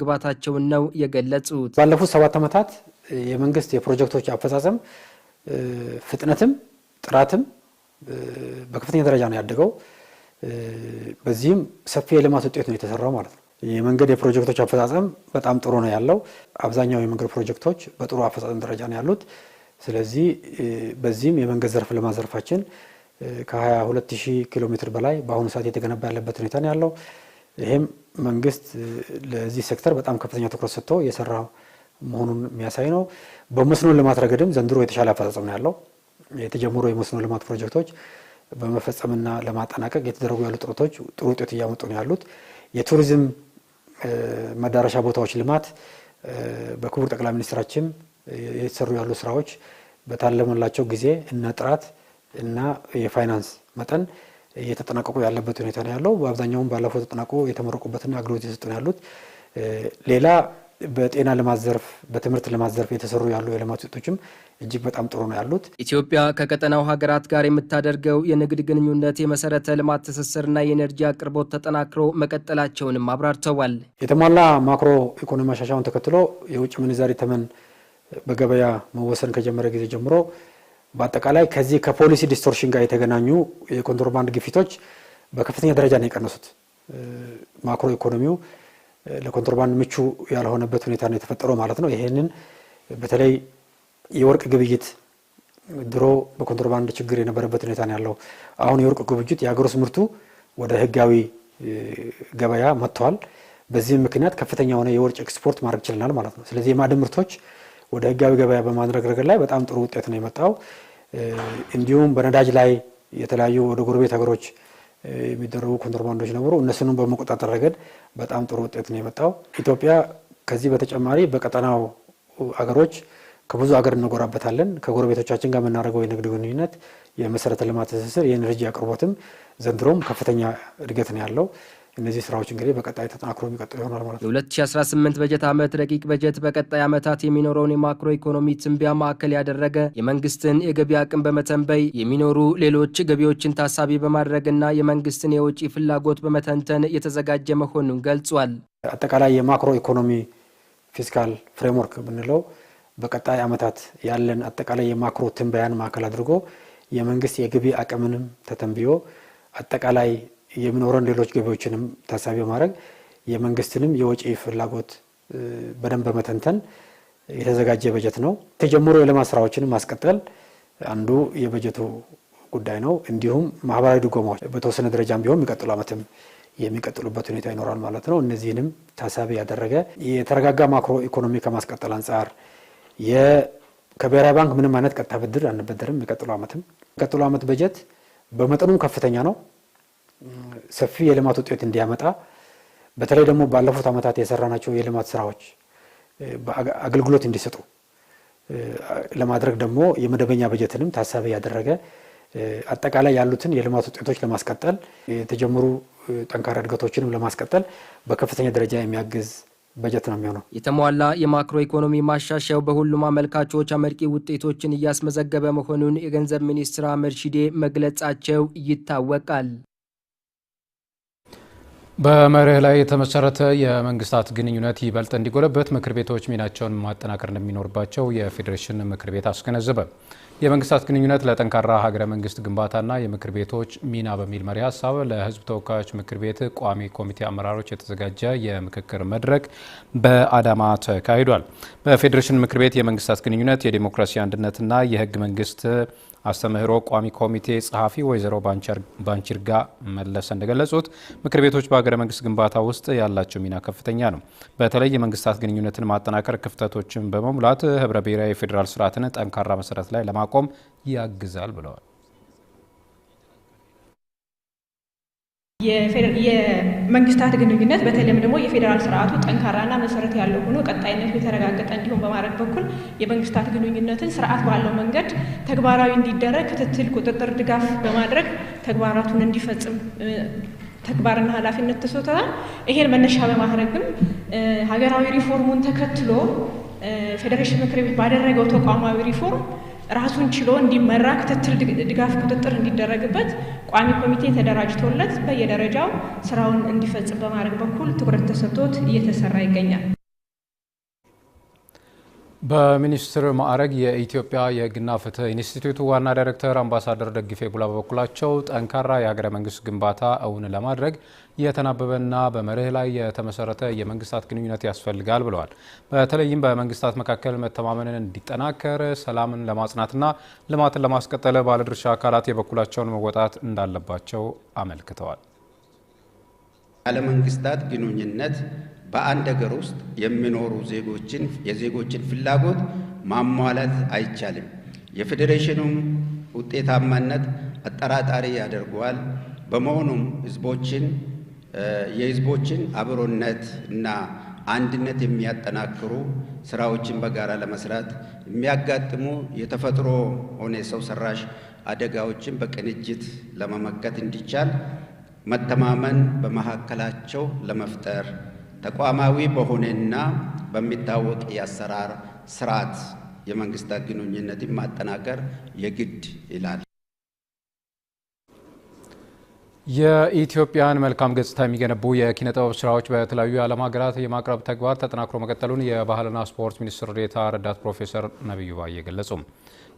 ግባታቸውን ነው የገለጹት። ባለፉት ሰባት ዓመታት የመንግስት የፕሮጀክቶች አፈጻጸም ፍጥነትም ጥራትም በከፍተኛ ደረጃ ነው ያደገው። በዚህም ሰፊ የልማት ውጤት ነው የተሰራው ማለት ነው። የመንገድ የፕሮጀክቶች አፈጻጸም በጣም ጥሩ ነው ያለው። አብዛኛው የመንገድ ፕሮጀክቶች በጥሩ አፈጻጸም ደረጃ ነው ያሉት። ስለዚህ በዚህም የመንገድ ዘርፍ ልማት ዘርፋችን ከ22 ኪሎ ሜትር በላይ በአሁኑ ሰዓት የተገነባ ያለበት ሁኔታ ነው ያለው ይህም መንግስት ለዚህ ሴክተር በጣም ከፍተኛ ትኩረት ሰጥቶ እየሰራ መሆኑን የሚያሳይ ነው። በመስኖ ልማት ረገድም ዘንድሮ የተሻለ አፈጻጸም ነው ያለው። የተጀመሩ የመስኖ ልማት ፕሮጀክቶች በመፈጸምና ለማጠናቀቅ የተደረጉ ያሉ ጥረቶች ጥሩ ውጤት እያመጡ ነው ያሉት። የቱሪዝም መዳረሻ ቦታዎች ልማት በክቡር ጠቅላይ ሚኒስትራችን የተሰሩ ያሉ ስራዎች በታለመላቸው ጊዜ እና ጥራት እና የፋይናንስ መጠን እየተጠናቀቁ ያለበት ሁኔታ ነው ያለው። በአብዛኛውም ባለፈው ተጠናቆ የተመረቁበትና አገልግሎት እየሰጡ ነው ያሉት። ሌላ በጤና ልማት ዘርፍ በትምህርት ልማት ዘርፍ የተሰሩ ያሉ የልማት ውጤቶችም እጅግ በጣም ጥሩ ነው ያሉት። ኢትዮጵያ ከቀጠናው ሀገራት ጋር የምታደርገው የንግድ ግንኙነት፣ የመሰረተ ልማት ትስስርና የኤነርጂ አቅርቦት ተጠናክሮ መቀጠላቸውንም አብራርተዋል። የተሟላ ማክሮ ኢኮኖሚ ማሻሻያውን ተከትሎ የውጭ ምንዛሪ ተመን በገበያ መወሰን ከጀመረ ጊዜ ጀምሮ በአጠቃላይ ከዚህ ከፖሊሲ ዲስቶርሽን ጋር የተገናኙ የኮንትሮባንድ ግፊቶች በከፍተኛ ደረጃ ነው የቀነሱት። ማክሮ ኢኮኖሚው ለኮንትሮባንድ ምቹ ያልሆነበት ሁኔታ ነው የተፈጠረው ማለት ነው። ይህንን በተለይ የወርቅ ግብይት ድሮ በኮንትሮባንድ ችግር የነበረበት ሁኔታ ነው ያለው። አሁን የወርቅ ግብይት የሀገር ውስጥ ምርቱ ወደ ህጋዊ ገበያ መጥተዋል። በዚህም ምክንያት ከፍተኛ የሆነ የወርቅ ኤክስፖርት ማድረግ ችለናል ማለት ነው። ስለዚህ የማዕድን ምርቶች ወደ ህጋዊ ገበያ በማድረግ ረገድ ላይ በጣም ጥሩ ውጤት ነው የመጣው። እንዲሁም በነዳጅ ላይ የተለያዩ ወደ ጎረቤት ሀገሮች የሚደረጉ ኮንትርባንዶች ነበሩ። እነሱንም በመቆጣጠር ረገድ በጣም ጥሩ ውጤት ነው የመጣው። ኢትዮጵያ ከዚህ በተጨማሪ በቀጠናው አገሮች ከብዙ አገር እንጎራበታለን። ከጎረቤቶቻችን ጋር የምናደርገው የንግድ ግንኙነት፣ የመሰረተ ልማት ትስስር፣ የኤነርጂ አቅርቦትም ዘንድሮም ከፍተኛ እድገት ነው ያለው። እነዚህ ስራዎች እንግዲህ በቀጣይ ተጠናክሮ የሚቀጥሉ ይሆናል ማለት ነው። የ2018 በጀት ዓመት ረቂቅ በጀት በቀጣይ ዓመታት የሚኖረውን የማክሮ ኢኮኖሚ ትንቢያ ማዕከል ያደረገ የመንግስትን የገቢ አቅም በመተንበይ የሚኖሩ ሌሎች ገቢዎችን ታሳቢ በማድረግና የመንግስትን የውጪ ፍላጎት በመተንተን የተዘጋጀ መሆኑን ገልጿል። አጠቃላይ የማክሮ ኢኮኖሚ ፊስካል ፍሬምወርክ ብንለው በቀጣይ ዓመታት ያለን አጠቃላይ የማክሮ ትንበያን ማዕከል አድርጎ የመንግስት የግቢ አቅምንም ተተንብዮ አጠቃላይ የሚኖረን ሌሎች ገቢዎችንም ታሳቢ በማድረግ የመንግስትንም የወጪ ፍላጎት በደንብ በመተንተን የተዘጋጀ በጀት ነው። ተጀምሮ የልማት ስራዎችን ማስቀጠል አንዱ የበጀቱ ጉዳይ ነው። እንዲሁም ማህበራዊ ድጎማዎች በተወሰነ ደረጃም ቢሆን የሚቀጥሉ ዓመትም የሚቀጥሉበት ሁኔታ ይኖራል ማለት ነው። እነዚህንም ታሳቢ ያደረገ የተረጋጋ ማክሮ ኢኮኖሚ ከማስቀጠል አንጻር ከብሔራዊ ባንክ ምንም አይነት ቀጥታ ብድር አንበደርም። የሚቀጥሉ ዓመትም የሚቀጥሉ ዓመት በጀት በመጠኑም ከፍተኛ ነው። ሰፊ የልማት ውጤት እንዲያመጣ በተለይ ደግሞ ባለፉት ዓመታት የሰራናቸው የልማት ስራዎች አገልግሎት እንዲሰጡ ለማድረግ ደግሞ የመደበኛ በጀትንም ታሳቢ ያደረገ አጠቃላይ ያሉትን የልማት ውጤቶች ለማስቀጠል የተጀመሩ ጠንካራ እድገቶችንም ለማስቀጠል በከፍተኛ ደረጃ የሚያግዝ በጀት ነው የሚሆነው። የተሟላ የማክሮ ኢኮኖሚ ማሻሻያው በሁሉም አመልካቾች አመርቂ ውጤቶችን እያስመዘገበ መሆኑን የገንዘብ ሚኒስትር አህመድ ሺዴ መግለጻቸው ይታወቃል። በመርህ ላይ የተመሰረተ የመንግስታት ግንኙነት ይበልጥ እንዲጎለበት ምክር ቤቶች ሚናቸውን ማጠናከር እንደሚኖርባቸው የፌዴሬሽን ምክር ቤት አስገነዘበ። የመንግስታት ግንኙነት ለጠንካራ ሀገረ መንግስት ግንባታና የምክር ቤቶች ሚና በሚል መሪ ሀሳብ ለህዝብ ተወካዮች ምክር ቤት ቋሚ ኮሚቴ አመራሮች የተዘጋጀ የምክክር መድረክ በአዳማ ተካሂዷል። በፌዴሬሽን ምክር ቤት የመንግስታት ግንኙነት የዴሞክራሲ አንድነትና የህግ መንግስት አስተምህሮ ቋሚ ኮሚቴ ጸሐፊ ወይዘሮ ባንችርጋ መለሰ እንደገለጹት ምክር ቤቶች በሀገረ መንግስት ግንባታ ውስጥ ያላቸው ሚና ከፍተኛ ነው። በተለይ የመንግስታት ግንኙነትን ማጠናከር፣ ክፍተቶችን በመሙላት ህብረ ብሔራዊ የፌዴራል ስርዓትን ጠንካራ መሰረት ላይ ለማቆም ያግዛል ብለዋል። የመንግስታት ግንኙነት በተለይም ደግሞ የፌዴራል ስርዓቱ ጠንካራና መሰረት ያለው ሆኖ ቀጣይነቱ የተረጋገጠ እንዲሆን በማድረግ በኩል የመንግስታት ግንኙነትን ስርዓት ባለው መንገድ ተግባራዊ እንዲደረግ ክትትል፣ ቁጥጥር፣ ድጋፍ በማድረግ ተግባራቱን እንዲፈጽም ተግባርና ኃላፊነት ተሰጥቶታል። ይሄን መነሻ በማድረግም ሀገራዊ ሪፎርሙን ተከትሎ ፌዴሬሽን ምክር ቤት ባደረገው ተቋማዊ ሪፎርም ራሱን ችሎ እንዲመራ ክትትል፣ ድጋፍ፣ ቁጥጥር እንዲደረግበት ቋሚ ኮሚቴ ተደራጅቶለት በየደረጃው ስራውን እንዲፈጽም በማድረግ በኩል ትኩረት ተሰጥቶት እየተሰራ ይገኛል። በሚኒስትር ማዕረግ የኢትዮጵያ የሕግና ፍትህ ኢንስቲትዩት ዋና ዳይሬክተር አምባሳደር ደግፌ ቡላ በበኩላቸው ጠንካራ የሀገረ መንግስት ግንባታ እውን ለማድረግ የተናበበና በመርህ ላይ የተመሰረተ የመንግስታት ግንኙነት ያስፈልጋል ብለዋል። በተለይም በመንግስታት መካከል መተማመንን እንዲጠናከር፣ ሰላምን ለማጽናትና ልማትን ለማስቀጠል ባለድርሻ አካላት የበኩላቸውን መወጣት እንዳለባቸው አመልክተዋል። ያለመንግስታት ግንኙነት በአንድ ሀገር ውስጥ የሚኖሩ ዜጎችን የዜጎችን ፍላጎት ማሟላት አይቻልም። የፌዴሬሽኑም ውጤታማነት አጠራጣሪ ያደርገዋል። በመሆኑም ህዝቦችን የህዝቦችን አብሮነት እና አንድነት የሚያጠናክሩ ስራዎችን በጋራ ለመስራት የሚያጋጥሙ የተፈጥሮ ሆነ ሰው ሰራሽ አደጋዎችን በቅንጅት ለመመከት እንዲቻል መተማመን በመካከላቸው ለመፍጠር ተቋማዊ በሆነና በሚታወቅ የአሰራር ስርዓት የመንግስታት ግንኙነትን ማጠናከር የግድ ይላል። የኢትዮጵያን መልካም ገጽታ የሚገነቡ የኪነ ጥበብ ስራዎች በተለያዩ የዓለም ሀገራት የማቅረብ ተግባር ተጠናክሮ መቀጠሉን የባህልና ስፖርት ሚኒስትር ዴኤታ ረዳት ፕሮፌሰር ነቢዩ ባዬ ገለጹ።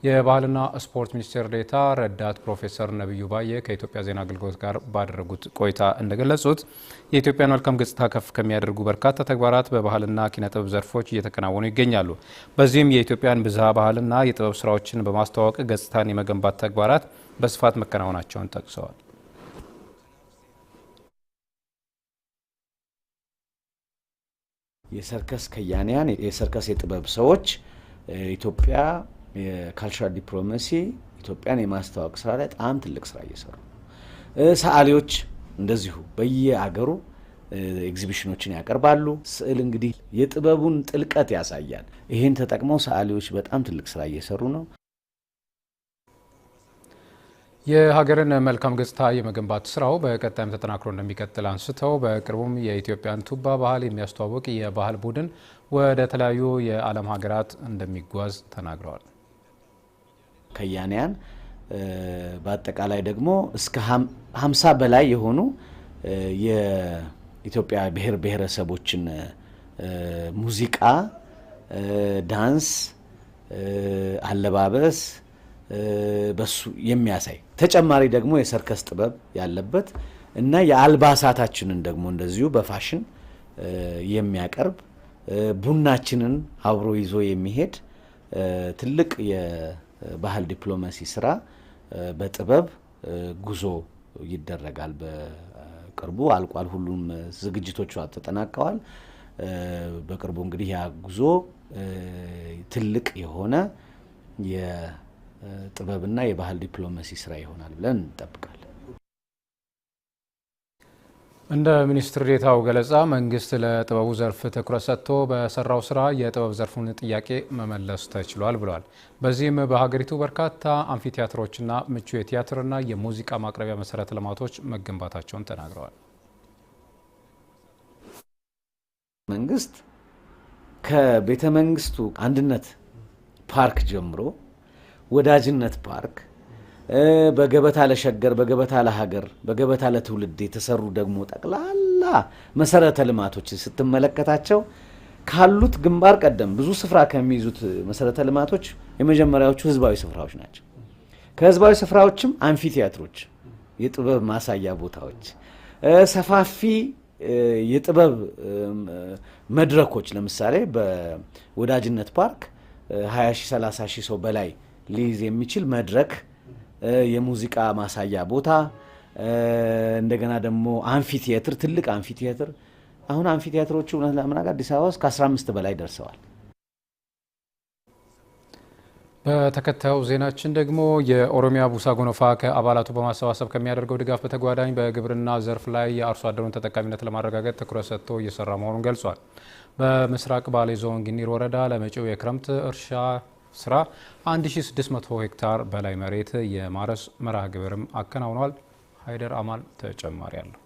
የባህልና ስፖርት ሚኒስቴር ዴኤታ ረዳት ፕሮፌሰር ነቢዩ ባዬ ከኢትዮጵያ ዜና አገልግሎት ጋር ባደረጉት ቆይታ እንደገለጹት የኢትዮጵያን መልካም ገጽታ ከፍ ከሚያደርጉ በርካታ ተግባራት በባህልና ኪነጥበብ ዘርፎች እየተከናወኑ ይገኛሉ። በዚህም የኢትዮጵያን ብዝሃ ባህልና የጥበብ ስራዎችን በማስተዋወቅ ገጽታን የመገንባት ተግባራት በስፋት መከናወናቸውን ጠቅሰዋል። የሰርከስ ከያንያን የሰርከስ የጥበብ ሰዎች ኢትዮጵያ የካልቸራል ዲፕሎማሲ ኢትዮጵያን የማስተዋወቅ ስራ ላይ በጣም ትልቅ ስራ እየሰሩ ነው። ሰዓሊዎች እንደዚሁ በየአገሩ ኤግዚቢሽኖችን ያቀርባሉ። ስዕል እንግዲህ የጥበቡን ጥልቀት ያሳያል። ይህን ተጠቅመው ሰዓሊዎች በጣም ትልቅ ስራ እየሰሩ ነው። የሀገርን መልካም ገጽታ የመገንባት ስራው በቀጣይም ተጠናክሮ እንደሚቀጥል አንስተው በቅርቡም የኢትዮጵያን ቱባ ባህል የሚያስተዋውቅ የባህል ቡድን ወደ ተለያዩ የዓለም ሀገራት እንደሚጓዝ ተናግረዋል። ከያንያን በአጠቃላይ ደግሞ እስከ ሀምሳ በላይ የሆኑ የኢትዮጵያ ብሔር ብሔረሰቦችን ሙዚቃ፣ ዳንስ፣ አለባበስ በሱ የሚያሳይ ተጨማሪ ደግሞ የሰርከስ ጥበብ ያለበት እና የአልባሳታችንን ደግሞ እንደዚሁ በፋሽን የሚያቀርብ ቡናችንን አብሮ ይዞ የሚሄድ ትልቅ ባህል ዲፕሎማሲ ስራ በጥበብ ጉዞ ይደረጋል። በቅርቡ አልቋል። ሁሉም ዝግጅቶቿ ተጠናቀዋል። በቅርቡ እንግዲህ ያ ጉዞ ትልቅ የሆነ የጥበብና የባህል ዲፕሎማሲ ስራ ይሆናል ብለን እንጠብቃለን። እንደ ሚኒስትር ዴታው ገለጻ መንግስት ለጥበቡ ዘርፍ ትኩረት ሰጥቶ በሰራው ስራ የጥበብ ዘርፉን ጥያቄ መመለስ ተችሏል ብለዋል። በዚህም በሀገሪቱ በርካታ አምፊቲያትሮችና ምቹ የቲያትርና የሙዚቃ ማቅረቢያ መሰረተ ልማቶች መገንባታቸውን ተናግረዋል። መንግስት ከቤተ መንግስቱ አንድነት ፓርክ ጀምሮ ወዳጅነት ፓርክ በገበታ ለሸገር፣ በገበታ ለሀገር፣ በገበታ ለትውልድ የተሰሩ ደግሞ ጠቅላላ መሰረተ ልማቶች ስትመለከታቸው ካሉት ግንባር ቀደም ብዙ ስፍራ ከሚይዙት መሰረተ ልማቶች የመጀመሪያዎቹ ህዝባዊ ስፍራዎች ናቸው። ከህዝባዊ ስፍራዎችም አንፊቲያትሮች፣ የጥበብ ማሳያ ቦታዎች፣ ሰፋፊ የጥበብ መድረኮች ለምሳሌ በወዳጅነት ፓርክ 20 30 ሺህ ሰው በላይ ሊይዝ የሚችል መድረክ የሙዚቃ ማሳያ ቦታ እንደገና ደግሞ አንፊቲያትር፣ ትልቅ አንፊቲያትር። አሁን አንፊቲያትሮቹ እውነት ለመናገር አዲስ አበባ ውስጥ ከ15 በላይ ደርሰዋል። በተከታዩ ዜናችን ደግሞ የኦሮሚያ ቡሳ ጎኖፋ ከአባላቱ በማሰባሰብ ከሚያደርገው ድጋፍ በተጓዳኝ በግብርና ዘርፍ ላይ የአርሶ አደሩን ተጠቃሚነት ለማረጋገጥ ትኩረት ሰጥቶ እየሰራ መሆኑን ገልጿል። በምስራቅ ባሌ ዞን ጊኒር ወረዳ ለመጪው የክረምት እርሻ ስራ 1600 ሄክታር በላይ መሬት የማረስ መርሃ ግብርም አከናውኗል። ሀይደር አማል ተጨማሪ አለው።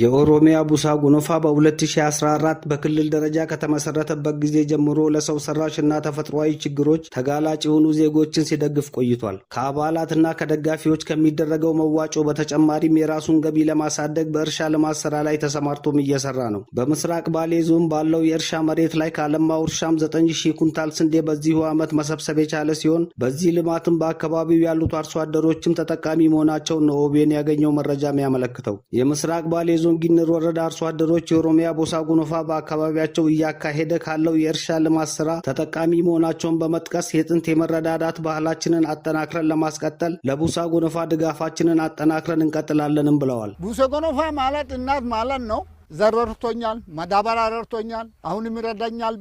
የኦሮሚያ ቡሳ ጉኖፋ በ2014 በክልል ደረጃ ከተመሰረተበት ጊዜ ጀምሮ ለሰው ሰራሽና ተፈጥሯዊ ችግሮች ተጋላጭ የሆኑ ዜጎችን ሲደግፍ ቆይቷል። ከአባላትና ከደጋፊዎች ከሚደረገው መዋጮ በተጨማሪም የራሱን ገቢ ለማሳደግ በእርሻ ልማት ስራ ላይ ተሰማርቶም እየሰራ ነው። በምስራቅ ባሌ ዞን ባለው የእርሻ መሬት ላይ ከአለማው እርሻም 9000 ኩንታል ስንዴ በዚሁ ዓመት መሰብሰብ የቻለ ሲሆን በዚህ ልማትም በአካባቢው ያሉት አርሶ አደሮችም ተጠቃሚ መሆናቸውን ነው ኦቤን ያገኘው መረጃ የሚያመለክተው። የምስራቅ ባሌ ዞን ጊንር ወረዳ አርሶ አደሮች የኦሮሚያ ቦሳ ጉኖፋ በአካባቢያቸው እያካሄደ ካለው የእርሻ ልማት ስራ ተጠቃሚ መሆናቸውን በመጥቀስ የጥንት የመረዳዳት ባህላችንን አጠናክረን ለማስቀጠል ለቡሳ ጎኖፋ ድጋፋችንን አጠናክረን እንቀጥላለንም ብለዋል። ቡሳ ጎኖፋ ማለት እናት ማለት ነው። ዘር ረድቶኛል፣ ማዳበሪያ ረድቶኛል፣ አሁንም ይረዳኛል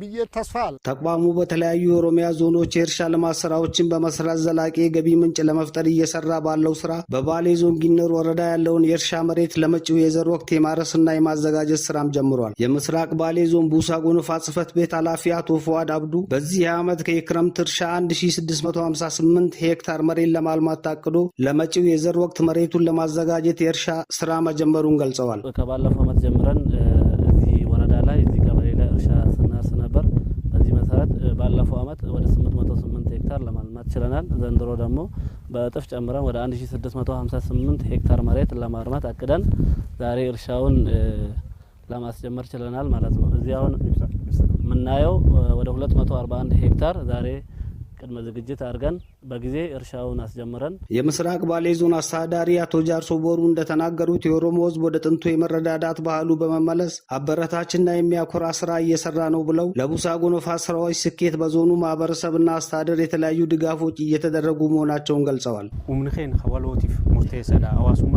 ብዬ ተስፋ አለ። ተቋሙ በተለያዩ የኦሮሚያ ዞኖች የእርሻ ልማት ስራዎችን በመስራት ዘላቂ የገቢ ምንጭ ለመፍጠር እየሰራ ባለው ስራ በባሌ ዞን ጊነር ወረዳ ያለውን የእርሻ መሬት ለመጪው የዘር ወቅት የማረስና የማዘጋጀት ስራም ጀምሯል። የምስራቅ ባሌ ዞን ቡሳ ጎንፋ ጽህፈት ቤት ኃላፊ አቶ ፉአድ አብዱ በዚህ ዓመት ከየክረምት እርሻ 1658 ሄክታር መሬት ለማልማት ታቅዶ ለመጪው የዘር ወቅት መሬቱን ለማዘጋጀት የእርሻ ስራ መጀመሩን ገልጸዋል። ዓመት ጀምረን እዚህ ወረዳ ላይ እዚህ ቀበሌ ላይ እርሻ ስናርስ ነበር። በዚህ መሰረት ባለፈው ዓመት ወደ 808 ሄክታር ለማልማት ችለናል። ዘንድሮ ደግሞ በእጥፍ ጨምረን ወደ 1658 ሄክታር መሬት ለማልማት አቅደን ዛሬ እርሻውን ለማስጀመር ችለናል ማለት ነው። እዚህ አሁን የምናየው ወደ 241 ሄክታር ዛሬ ቅድመ ዝግጅት አድርገን በጊዜ እርሻውን አስጀምረን የምስራቅ ባሌ ዞን አስተዳዳሪ አቶ ጃርሶ ቦሩ እንደተናገሩት የኦሮሞ ሕዝብ ወደ ጥንቱ የመረዳዳት ባህሉ በመመለስ አበረታችና የሚያኮራ ስራ እየሰራ ነው ብለው ለቡሳ ጎኖፋ ስራዎች ስኬት በዞኑ ማህበረሰብና አስተዳደር የተለያዩ ድጋፎች እየተደረጉ መሆናቸውን ገልጸዋል። ሙርቴሰዳ አዋሱማ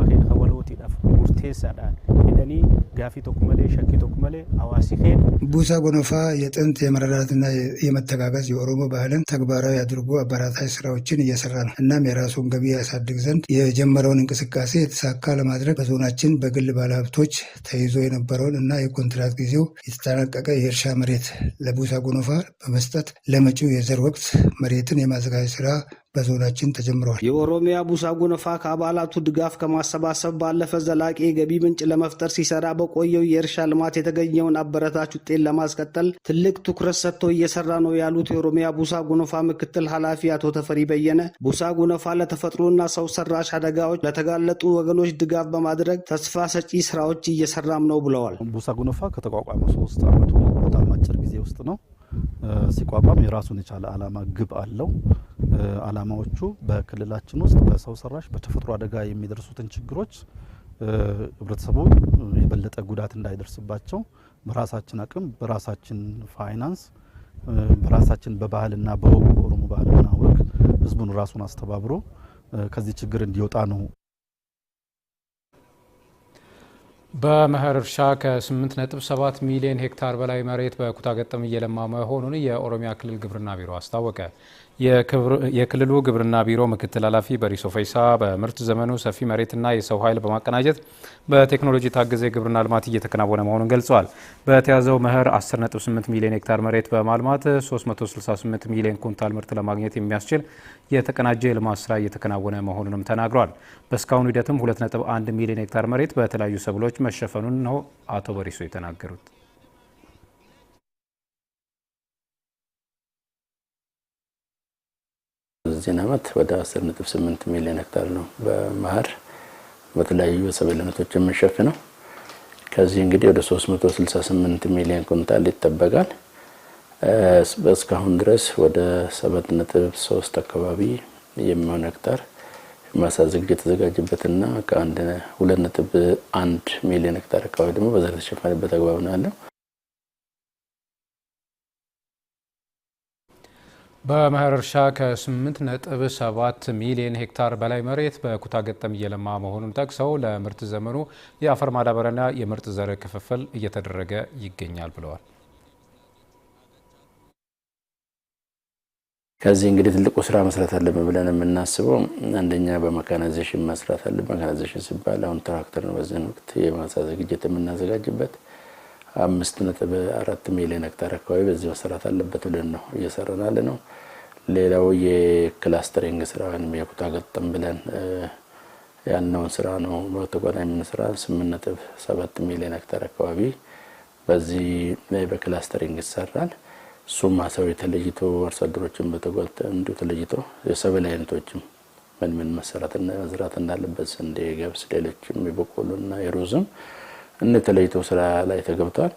ሙርቴሰዳ ሄደኒ ጋፊ ቶኩመሌ ሸኪ ቶኩመሌ አዋሲ ቡሳ ጎኖፋ የጥንት የመረዳዳትና የመተጋገዝ የኦሮሞ ባህልን ተግባራዊ መሰረታዊ አድርጎ አበራታች ስራዎችን እየሰራ ነው። እናም የራሱን ገቢ ያሳድግ ዘንድ የጀመረውን እንቅስቃሴ የተሳካ ለማድረግ በዞናችን በግል ባለሀብቶች ተይዞ የነበረውን እና የኮንትራት ጊዜው የተጠናቀቀ የእርሻ መሬት ለቡሳ ጎኖፋ በመስጠት ለመጪው የዘር ወቅት መሬትን የማዘጋጀት ስራ በዞናችን ተጀምረዋል። የኦሮሚያ ቡሳ ጎነፋ ከአባላቱ ድጋፍ ከማሰባሰብ ባለፈ ዘላቂ የገቢ ምንጭ ለመፍጠር ሲሰራ በቆየው የእርሻ ልማት የተገኘውን አበረታች ውጤት ለማስቀጠል ትልቅ ትኩረት ሰጥቶ እየሰራ ነው ያሉት የኦሮሚያ ቡሳ ጎነፋ ምክትል ኃላፊ አቶ ተፈሪ በየነ ቡሳ ጎነፋ ለተፈጥሮና ሰው ሰራሽ አደጋዎች ለተጋለጡ ወገኖች ድጋፍ በማድረግ ተስፋ ሰጪ ስራዎች እየሰራም ነው ብለዋል። ቡሳ ጎነፋ ከተቋቋመ ሶስት አመቱ በጣም አጭር ጊዜ ውስጥ ነው ሲቋቋም የራሱን የቻለ አላማ ግብ አለው። አላማዎቹ በክልላችን ውስጥ በሰው ሰራሽ በተፈጥሮ አደጋ የሚደርሱትን ችግሮች ህብረተሰቡ የበለጠ ጉዳት እንዳይደርስባቸው በራሳችን አቅም በራሳችን ፋይናንስ በራሳችን በባህልና በወግ በኦሮሞ ባህልና ወግ ህዝቡን ራሱን አስተባብሮ ከዚህ ችግር እንዲወጣ ነው። በመኸር እርሻ ከ8.7 ሚሊዮን ሄክታር በላይ መሬት በኩታ ገጠም እየለማ መሆኑን የኦሮሚያ ክልል ግብርና ቢሮ አስታወቀ። የክልሉ ግብርና ቢሮ ምክትል ኃላፊ በሪሶ ፈይሳ በምርት ዘመኑ ሰፊ መሬትና የሰው ኃይል በማቀናጀት በቴክኖሎጂ ታገዘ የግብርና ልማት እየተከናወነ መሆኑን ገልጸዋል። በተያዘው መኸር 10.8 ሚሊዮን ሄክታር መሬት በማልማት 368 ሚሊዮን ኩንታል ምርት ለማግኘት የሚያስችል የተቀናጀ የልማት ስራ እየተከናወነ መሆኑንም ተናግሯል። በእስካሁኑ ሂደትም 2.1 ሚሊዮን ሄክታር መሬት በተለያዩ ሰብሎች መሸፈኑን ነው አቶ በሪሶ የተናገሩት። በዚህን ዓመት ወደ 10.8 ሚሊዮን ሄክታር ነው በመኸር በተለያዩ የሰብል አይነቶች የምንሸፍነው። ከዚህ እንግዲህ ወደ 368 ሚሊዮን ኩንታል ይጠበቃል። እስካሁን ድረስ ወደ 7.3 አካባቢ የሚሆን ሄክታር ማሳ ዝግጅት የተዘጋጀበትና ከ 2.1 ሚሊዮን ሄክታር አካባቢ ደግሞ በዘር የተሸፈነበት አግባብ ነው ያለው። በመኸር እርሻ ከ8.7 ሚሊዮን ሄክታር በላይ መሬት በኩታ ገጠም እየለማ መሆኑን ጠቅሰው ለምርት ዘመኑ የአፈር ማዳበሪያና የምርጥ ዘር ክፍፍል እየተደረገ ይገኛል ብለዋል። ከዚህ እንግዲህ ትልቁ ስራ መስራት አለብን ብለን የምናስበው አንደኛ በመካናይዜሽን መስራት አለብን። መካናይዜሽን ሲባል አሁን ትራክተር ነው። በዚህን ወቅት የማሳ ዝግጅት የምናዘጋጅበት አምስት ነጥብ አራት ሚሊዮን ሄክታር አካባቢ በዚህ መሰራት አለበት ብለን ነው እየሰራናል ነው። ሌላው የክላስተሪንግ ስራ ወይም የኩታ ገጠም ብለን ያነውን ስራ ነው። በተጓዳኝ የምንስራ ስምንት ነጥብ ሰባት ሚሊዮን ሄክታር አካባቢ በዚህ በክላስተሪንግ ይሰራል። እሱም አሳዊ የተለይቶ አርሶ አደሮችን በተጓት እንዲሁ ተለይቶ የሰብል አይነቶችም ምን ምን መሰራትና መዝራት እንዳለበት ስንዴ፣ ገብስ፣ ሌሎችም የበቆሎና የሩዝም እነ ተለይቶ ስራ ላይ ተገብቷል።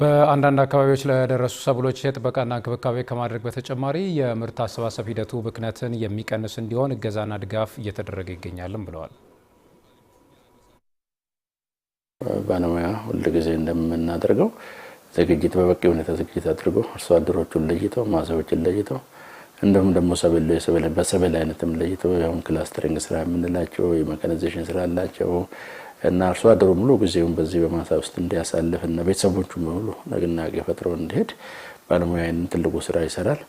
በአንዳንድ አካባቢዎች ለደረሱ ሰብሎች የጥበቃና እንክብካቤ ከማድረግ በተጨማሪ የምርት አሰባሰብ ሂደቱ ብክነትን የሚቀንስ እንዲሆን እገዛና ድጋፍ እየተደረገ ይገኛልም ብለዋል። ባለሙያ ጊዜ እንደምናደርገው ዝግጅት በበቂ ሁኔታ ዝግጅት አድርጎ አርሶ አደሮቹን ለይተው ማሳዎችን ለይተው እንዲሁም ደግሞ በሰብል አይነትም ለይተው ያሁን ክላስተሪንግ ስራ የምንላቸው የሜካናይዜሽን ስራ አላቸው እና አርሶ አደሩ ሙሉ ጊዜውን በዚህ በማሳ ውስጥ እንዲያሳልፍ እና ቤተሰቦቹ በሙሉ ነግናጌ ፈጥረው እንዲሄድ ባለሙያ ትልቁ ስራ ይሰራል።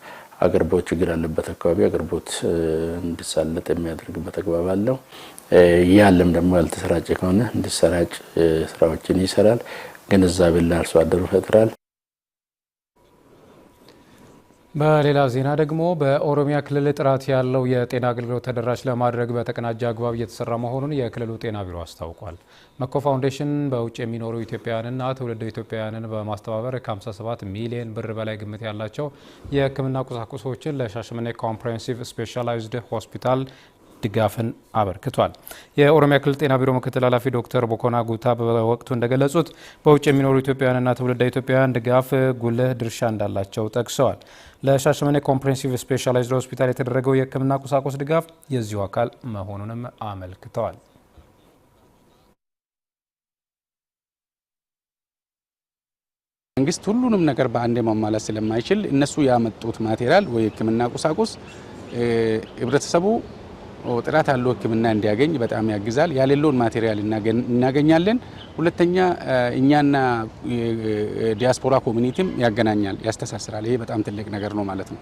አቅርቦት ችግር አለበት አካባቢ አቅርቦት እንዲሳለጥ የሚያደርግበት አግባብ አለው። ያለም ደግሞ ያልተሰራጨ ከሆነ እንዲሰራጭ ስራዎችን ይሰራል። ግንዛቤ ለአርሶ አደሩ ይፈጥራል። በሌላ ዜና ደግሞ በኦሮሚያ ክልል ጥራት ያለው የጤና አገልግሎት ተደራሽ ለማድረግ በተቀናጀ አግባብ እየተሰራ መሆኑን የክልሉ ጤና ቢሮ አስታውቋል። መኮ ፋውንዴሽን በውጭ የሚኖሩ ኢትዮጵያውያንና ትውልደ ኢትዮጵያውያንን በማስተባበር ከ57 ሚሊዮን ብር በላይ ግምት ያላቸው የሕክምና ቁሳቁሶችን ለሻሸመኔ ኮምፕሬሄንሲቭ ስፔሻላይዝድ ሆስፒታል ድጋፍን አበርክቷል። የኦሮሚያ ክልል ጤና ቢሮ ምክትል ኃላፊ ዶክተር ቦኮና ጉታ በወቅቱ እንደገለጹት በውጭ የሚኖሩ ኢትዮጵያውያንና ትውልደ ኢትዮጵያውያን ድጋፍ ጉልህ ድርሻ እንዳላቸው ጠቅሰዋል። ለሻሸመኔ ኮምፕሬሄንሲቭ ስፔሻላይዝድ ሆስፒታል የተደረገው የሕክምና ቁሳቁስ ድጋፍ የዚሁ አካል መሆኑንም አመልክተዋል። መንግስት ሁሉንም ነገር በአንዴ ማሟላት ስለማይችል እነሱ ያመጡት ማቴሪያል ወይ ህክምና ቁሳቁስ ህብረተሰቡ ጥራት ያለው ሕክምና እንዲያገኝ በጣም ያግዛል። ያሌለውን ማቴሪያል እናገኛለን። ሁለተኛ እኛና ዲያስፖራ ኮሚኒቲም ያገናኛል፣ ያስተሳስራል። ይሄ በጣም ትልቅ ነገር ነው ማለት ነው።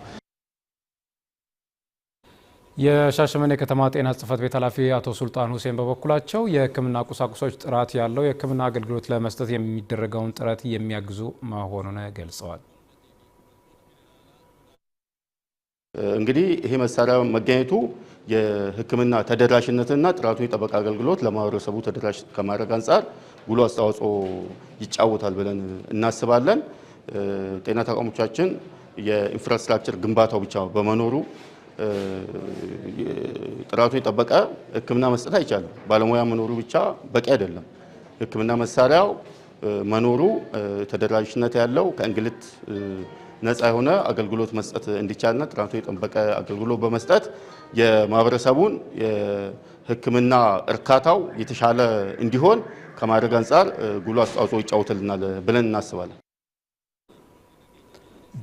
የሻሸመኔ ከተማ ጤና ጽህፈት ቤት ኃላፊ አቶ ሱልጣን ሁሴን በበኩላቸው የህክምና ቁሳቁሶች ጥራት ያለው የህክምና አገልግሎት ለመስጠት የሚደረገውን ጥረት የሚያግዙ መሆኑን ገልጸዋል። እንግዲህ ይሄ መሳሪያ መገኘቱ የሕክምና ተደራሽነትና ጥራቱን የጠበቀ አገልግሎት ለማህበረሰቡ ተደራሽ ከማድረግ አንጻር ጉልህ አስተዋጽኦ ይጫወታል ብለን እናስባለን። ጤና ተቋሞቻችን የኢንፍራስትራክቸር ግንባታው ብቻ በመኖሩ ጥራቱን የጠበቀ ሕክምና መስጠት አይቻልም። ባለሙያ መኖሩ ብቻ በቂ አይደለም። ሕክምና መሳሪያው መኖሩ ተደራሽነት ያለው ከእንግልት ነፃ የሆነ አገልግሎት መስጠት እንዲቻልና ጥራቱ የጠበቀ አገልግሎት በመስጠት የማህበረሰቡን የሕክምና እርካታው የተሻለ እንዲሆን ከማድረግ አንጻር ጉልህ አስተዋጽኦ ይጫወትልናል ብለን እናስባለን።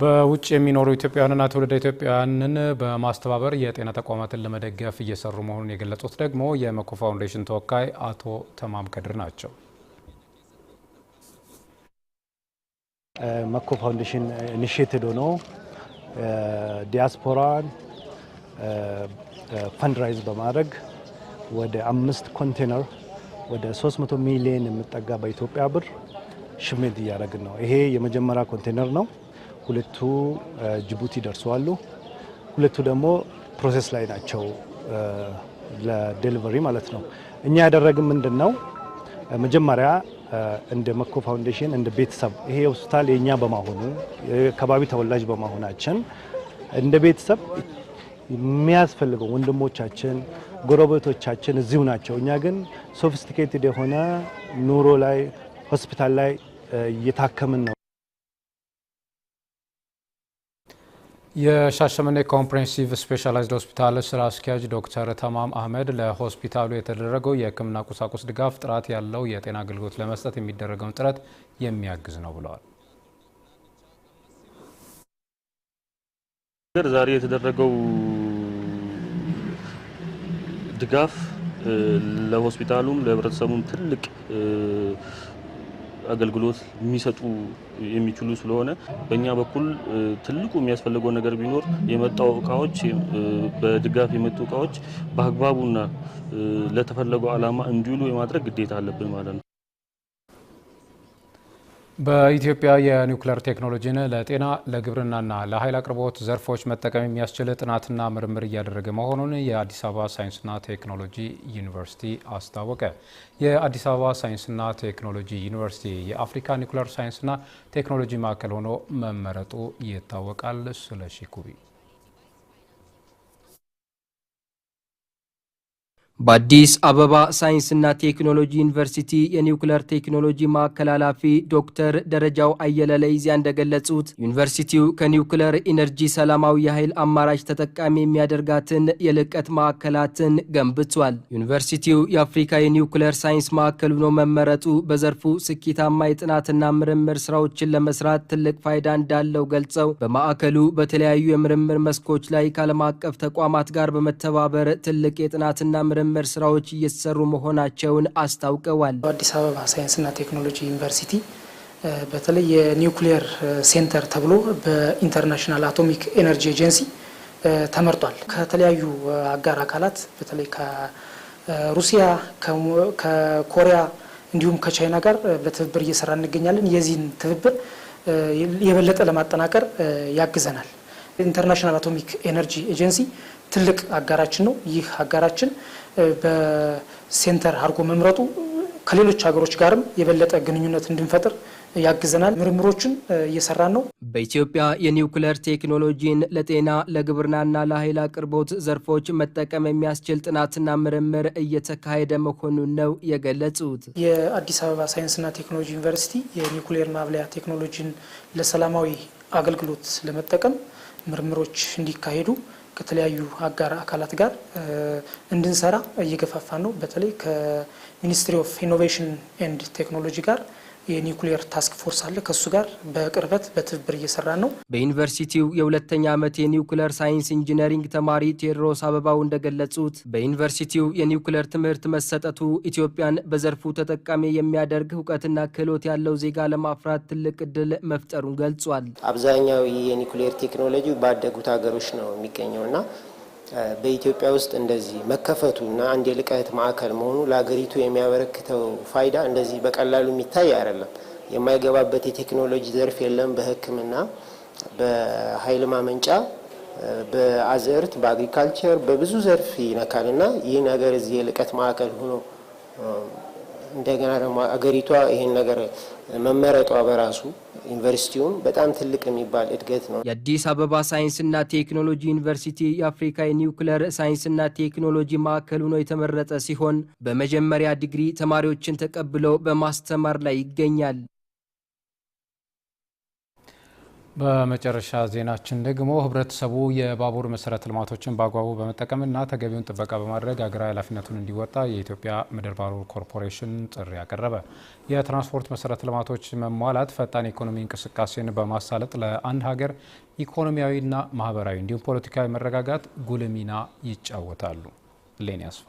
በውጭ የሚኖሩ ኢትዮጵያውያንና ትውልደ ኢትዮጵያውያንን በማስተባበር የጤና ተቋማትን ለመደገፍ እየሰሩ መሆኑን የገለጹት ደግሞ የመኮ ፋውንዴሽን ተወካይ አቶ ተማም ከድር ናቸው። መኮ ፋውንዴሽን ኢኒሽቲቭ ሆኖ ዲያስፖራን ፈንድራይዝ በማድረግ ወደ አምስት ኮንቴነር ወደ 300 ሚሊዮን የምጠጋ በኢትዮጵያ ብር ሽሜት እያደረግን ነው። ይሄ የመጀመሪያ ኮንቴነር ነው። ሁለቱ ጅቡቲ ደርሰዋሉ። ሁለቱ ደግሞ ፕሮሴስ ላይ ናቸው፣ ለዴሊቨሪ ማለት ነው። እኛ ያደረግን ምንድን ነው መጀመሪያ እንደ መኮ ፋውንዴሽን እንደ ቤተሰብ ይሄ ሆስፒታል የኛ በማሆኑ የአካባቢ ተወላጅ በመሆናችን እንደ ቤተሰብ የሚያስፈልገው ወንድሞቻችን፣ ጎረቤቶቻችን እዚሁ ናቸው። እኛ ግን ሶፊስቲኬትድ የሆነ ኑሮ ላይ ሆስፒታል ላይ እየታከምን ነው። የሻሸመኔ ኮምፕሬሄንሲቭ ስፔሻላይዝድ ሆስፒታል ስራ አስኪያጅ ዶክተር ተማም አህመድ ለሆስፒታሉ የተደረገው የሕክምና ቁሳቁስ ድጋፍ ጥራት ያለው የጤና አገልግሎት ለመስጠት የሚደረገውን ጥረት የሚያግዝ ነው ብለዋል። ዛሬ የተደረገው ድጋፍ ለሆስፒታሉም ለህብረተሰቡም ትልቅ አገልግሎት የሚሰጡ የሚችሉ ስለሆነ በእኛ በኩል ትልቁ የሚያስፈልገው ነገር ቢኖር የመጣው እቃዎች በድጋፍ የመጡ እቃዎች በአግባቡና ለተፈለገው ዓላማ እንዲውሉ የማድረግ ግዴታ አለብን ማለት ነው። በኢትዮጵያ የኒውክሌር ቴክኖሎጂን ለጤና ለግብርናና ለኃይል አቅርቦት ዘርፎች መጠቀም የሚያስችል ጥናትና ምርምር እያደረገ መሆኑን የአዲስ አበባ ሳይንስና ቴክኖሎጂ ዩኒቨርሲቲ አስታወቀ። የአዲስ አበባ ሳይንስና ቴክኖሎጂ ዩኒቨርሲቲ የአፍሪካ ኒውክሌር ሳይንስና ቴክኖሎጂ ማዕከል ሆኖ መመረጡ ይታወቃል። ስለሺ ኩቢ በአዲስ አበባ ሳይንስና ቴክኖሎጂ ዩኒቨርሲቲ የኒውክለር ቴክኖሎጂ ማዕከል ኃላፊ ዶክተር ደረጃው አየለ ለይዚያ እንደገለጹት ዩኒቨርሲቲው ከኒውክለር ኢነርጂ ሰላማዊ የኃይል አማራጭ ተጠቃሚ የሚያደርጋትን የልቀት ማዕከላትን ገንብቷል። ዩኒቨርሲቲው የአፍሪካ የኒውክለር ሳይንስ ማዕከል ሆኖ መመረጡ በዘርፉ ስኬታማ የጥናትና ምርምር ስራዎችን ለመስራት ትልቅ ፋይዳ እንዳለው ገልጸው በማዕከሉ በተለያዩ የምርምር መስኮች ላይ ከዓለም አቀፍ ተቋማት ጋር በመተባበር ትልቅ የጥናትና ምርምር የማስጀመር ስራዎች እየተሰሩ መሆናቸውን አስታውቀዋል። አዲስ አበባ ሳይንስና ቴክኖሎጂ ዩኒቨርሲቲ በተለይ የኒውክሊየር ሴንተር ተብሎ በኢንተርናሽናል አቶሚክ ኤነርጂ ኤጀንሲ ተመርጧል። ከተለያዩ አጋር አካላት በተለይ ከሩሲያ፣ ከኮሪያ እንዲሁም ከቻይና ጋር በትብብር እየሰራ እንገኛለን። የዚህን ትብብር የበለጠ ለማጠናቀር ያግዘናል። ኢንተርናሽናል አቶሚክ ኤነርጂ ኤጀንሲ ትልቅ አጋራችን ነው። ይህ አጋራችን በሴንተር አድርጎ መምረጡ ከሌሎች ሀገሮች ጋርም የበለጠ ግንኙነት እንድንፈጥር ያግዘናል። ምርምሮችን እየሰራን ነው። በኢትዮጵያ የኒውክሌር ቴክኖሎጂን ለጤና ለግብርናና ለኃይል አቅርቦት ዘርፎች መጠቀም የሚያስችል ጥናትና ምርምር እየተካሄደ መሆኑን ነው የገለጹት። የአዲስ አበባ ሳይንስና ቴክኖሎጂ ዩኒቨርሲቲ የኒውክሌር ማብለያ ቴክኖሎጂን ለሰላማዊ አገልግሎት ለመጠቀም ምርምሮች እንዲካሄዱ ከተለያዩ አጋር አካላት ጋር እንድንሰራ እየገፋፋን ነው። በተለይ ከሚኒስትሪ ኦፍ ኢኖቬሽን ኤንድ ቴክኖሎጂ ጋር የኒውክሌር ታስክ ፎርስ አለ። ከሱ ጋር በቅርበት በትብብር እየሰራ ነው። በዩኒቨርሲቲው የሁለተኛ ዓመት የኒውክሌር ሳይንስ ኢንጂነሪንግ ተማሪ ቴድሮስ አበባው እንደገለጹት በዩኒቨርሲቲው የኒውክሌር ትምህርት መሰጠቱ ኢትዮጵያን በዘርፉ ተጠቃሚ የሚያደርግ እውቀትና ክህሎት ያለው ዜጋ ለማፍራት ትልቅ እድል መፍጠሩን ገልጿል። አብዛኛው የኒውክሌር ቴክኖሎጂ ባደጉት ሀገሮች ነው የሚገኘው እና በኢትዮጵያ ውስጥ እንደዚህ መከፈቱ እና አንድ የልቀት ማዕከል መሆኑ ለሀገሪቱ የሚያበረክተው ፋይዳ እንደዚህ በቀላሉ የሚታይ አይደለም። የማይገባበት የቴክኖሎጂ ዘርፍ የለም። በሕክምና፣ በኃይል ማመንጫ፣ በአዝርት፣ በአግሪካልቸር፣ በብዙ ዘርፍ ይነካል እና ይህ ነገር እዚህ የልቀት ማዕከል ሆኖ እንደገና ደግሞ አገሪቷ ይህን ነገር መመረጧ በራሱ ዩኒቨርሲቲውም በጣም ትልቅ የሚባል እድገት ነው። የአዲስ አበባ ሳይንስና ቴክኖሎጂ ዩኒቨርሲቲ የአፍሪካ የኒውክለር ሳይንስና ቴክኖሎጂ ማዕከል ሆኖ የተመረጠ ሲሆን በመጀመሪያ ዲግሪ ተማሪዎችን ተቀብለው በማስተማር ላይ ይገኛል። በመጨረሻ ዜናችን ደግሞ ህብረተሰቡ የባቡር መሰረተ ልማቶችን በአግባቡ በመጠቀምና ተገቢውን ጥበቃ በማድረግ ሀገራዊ ኃላፊነቱን እንዲወጣ የኢትዮጵያ ምድር ባቡር ኮርፖሬሽን ጥሪ አቀረበ። የትራንስፖርት መሰረተ ልማቶች መሟላት ፈጣን ኢኮኖሚ እንቅስቃሴን በማሳለጥ ለአንድ ሀገር ኢኮኖሚያዊና ማህበራዊ እንዲሁም ፖለቲካዊ መረጋጋት ጉልህ ሚና ይጫወታሉ። ሌን ያስፋ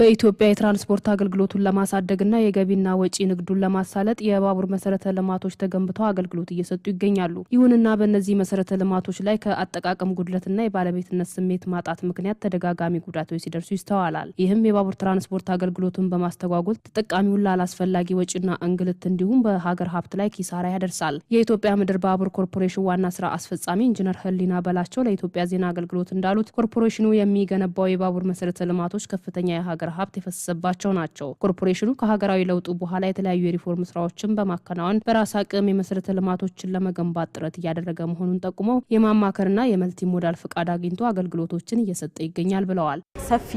በኢትዮጵያ የትራንስፖርት አገልግሎቱን ለማሳደግና የገቢና ወጪ ንግዱን ለማሳለጥ የባቡር መሰረተ ልማቶች ተገንብተው አገልግሎት እየሰጡ ይገኛሉ። ይሁንና በእነዚህ መሰረተ ልማቶች ላይ ከአጠቃቀም ጉድለትና የባለቤትነት ስሜት ማጣት ምክንያት ተደጋጋሚ ጉዳቶች ሲደርሱ ይስተዋላል። ይህም የባቡር ትራንስፖርት አገልግሎቱን በማስተጓጎል ተጠቃሚውን ላላስፈላጊ ወጪና እንግልት እንዲሁም በሀገር ሀብት ላይ ኪሳራ ያደርሳል። የኢትዮጵያ ምድር ባቡር ኮርፖሬሽን ዋና ስራ አስፈጻሚ ኢንጂነር ህሊና በላቸው ለኢትዮጵያ ዜና አገልግሎት እንዳሉት ኮርፖሬሽኑ የሚገነባው የባቡር መሰረተ ልማቶች ከፍተኛ የሀገር የሀገር ሀብት የፈሰሰባቸው ናቸው። ኮርፖሬሽኑ ከሀገራዊ ለውጡ በኋላ የተለያዩ የሪፎርም ስራዎችን በማከናወን በራስ አቅም የመሰረተ ልማቶችን ለመገንባት ጥረት እያደረገ መሆኑን ጠቁመው የማማከርና የመልቲ ሞዳል ፍቃድ አግኝቶ አገልግሎቶችን እየሰጠ ይገኛል ብለዋል። ሰፊ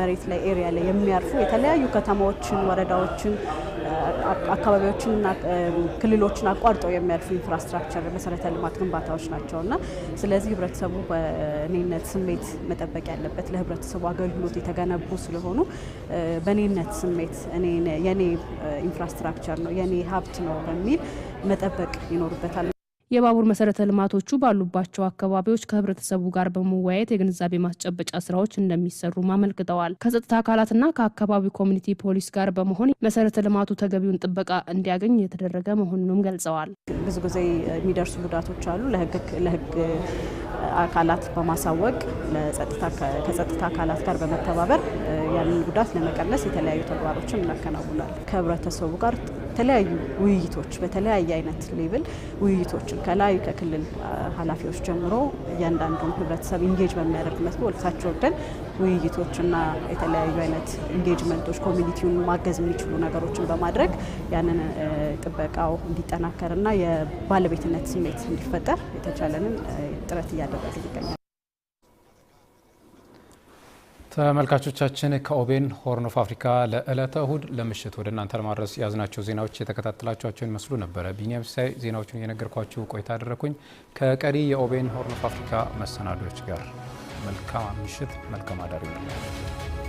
መሬት ላይ ኤሪያ ላይ የሚያርፉ የተለያዩ ከተማዎችን፣ ወረዳዎችን፣ አካባቢዎችንና ክልሎችን አቋርጠው የሚያልፉ ኢንፍራስትራክቸር መሰረተ ልማት ግንባታዎች ናቸው እና ስለዚህ ህብረተሰቡ በእኔነት ስሜት መጠበቅ ያለበት ለህብረተሰቡ አገልግሎት የተገነቡ ስለሆኑ በእኔነት ስሜት የኔ ኢንፍራስትራክቸር ነው የኔ ሀብት ነው በሚል መጠበቅ ይኖርበታል። የባቡር መሰረተ ልማቶቹ ባሉባቸው አካባቢዎች ከህብረተሰቡ ጋር በመወያየት የግንዛቤ ማስጨበጫ ስራዎች እንደሚሰሩ አመልክተዋል። ከጸጥታ አካላትና ከአካባቢው ኮሚኒቲ ፖሊስ ጋር በመሆን መሰረተ ልማቱ ተገቢውን ጥበቃ እንዲያገኝ የተደረገ መሆኑንም ገልጸዋል። ብዙ ጊዜ የሚደርሱ ጉዳቶች አሉ ለህግ አካላት በማሳወቅ ከጸጥታ አካላት ጋር በመተባበር ያንን ጉዳት ለመቀነስ የተለያዩ ተግባሮችን እናከናውናል። ከህብረተሰቡ ጋር የተለያዩ ውይይቶች በተለያየ አይነት ሌብል ውይይቶችን ከላይ ከክልል ኃላፊዎች ጀምሮ እያንዳንዱን ህብረተሰብ ኢንጌጅ በሚያደርግ መስሎ ወልታቸው ወደን ውይይቶችና የተለያዩ አይነት ኢንጌጅመንቶች ኮሚኒቲውን ማገዝ የሚችሉ ነገሮችን በማድረግ ያንን ጥበቃው እንዲጠናከርና የባለቤትነት ስሜት እንዲፈጠር የተቻለንን ጥረት እያደረገ ይገኛል። ተመልካቾቻችን ከኦቤን ሆርን ኦፍ አፍሪካ ለዕለተ እሁድ ለምሽት ወደ እናንተ ለማድረስ የያዝናቸው ዜናዎች የተከታተላችኋቸውን ይመስሉ ነበረ። ቢኒያም ሲሳይ ዜናዎቹን እየነገርኳችሁ ቆይታ አደረኩኝ። ከቀሪ የኦቤን ሆርን ኦፍ አፍሪካ መሰናዶዎች ጋር መልካም ምሽት፣ መልካም አዳሪ ነው።